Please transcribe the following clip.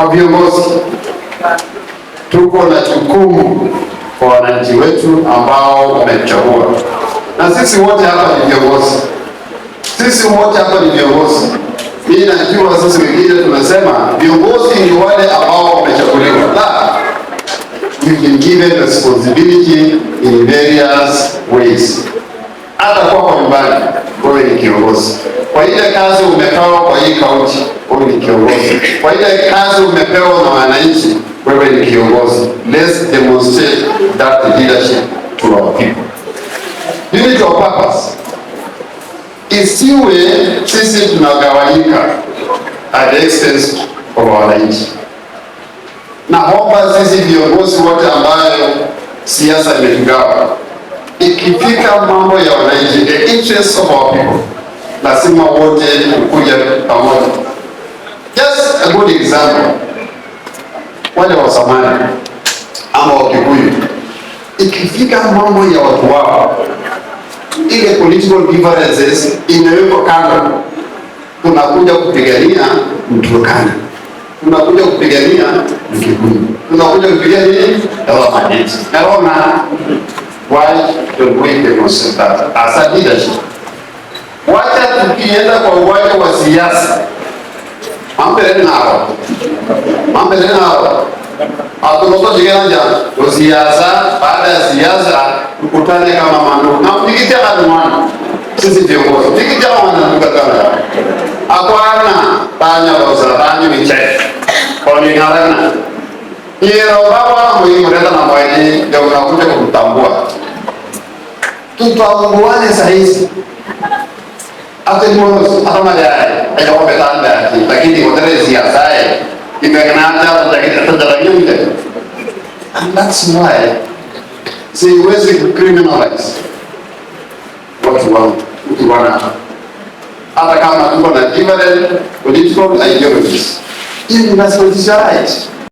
kwa viongozi, tuko na jukumu kwa wananchi wetu ambao wamechagua, na sisi wote hapa ni viongozi, sisi wote hapa ni viongozi. Mimi najua sisi wengine tunasema viongozi ni wale ambao wamechaguliwa, la given responsibility in various ways. Hata kwa nyumbani wewe ni kiongozi kwa ile kazi umepewa kwa hii kaunti wangu ni kiongozi. Kwa ile kazi umepewa na wananchi, wewe ni kiongozi. Let's demonstrate that leadership to our people. Unity of purpose. Isiwe sisi tunagawanyika at the expense of wananchi. Na hapa sisi viongozi wote ambayo siasa imetugawa, ikifika mambo ya wananchi, the interests of our people lazima wote kukuja pamoja. Nachagua dini Wale wa zamani ama Wakikuyu, ikifika mambo ya watu wao, ile political differences inawekwa kando. Tunakuja kupigania Mturkana, tunakuja kupigania Mkikuyu, tunakuja kupigania Awamanyeji. Naona why don't we demonstrate that as a leadership? Wacha tukienda kwa uwanja wa siasa Mam mampirin naro. Mam teren naro. Abdullah zikiranja usiasa pada ya siasa tukutane kama mandugu na kujikitia kadumana sisi viongozi tukitia wanandugu Aku akwana tanya rosa tanya miche koni ngarana nah. iya, yero baba muhimu leta na mwaini ndio unakuja kumtambua tutambuane sahizi atenimonos atamajaye ecco tanti, da chi ti And that's why siwezi kucriminalize watu hata kama tuko na different political ideologies. Hii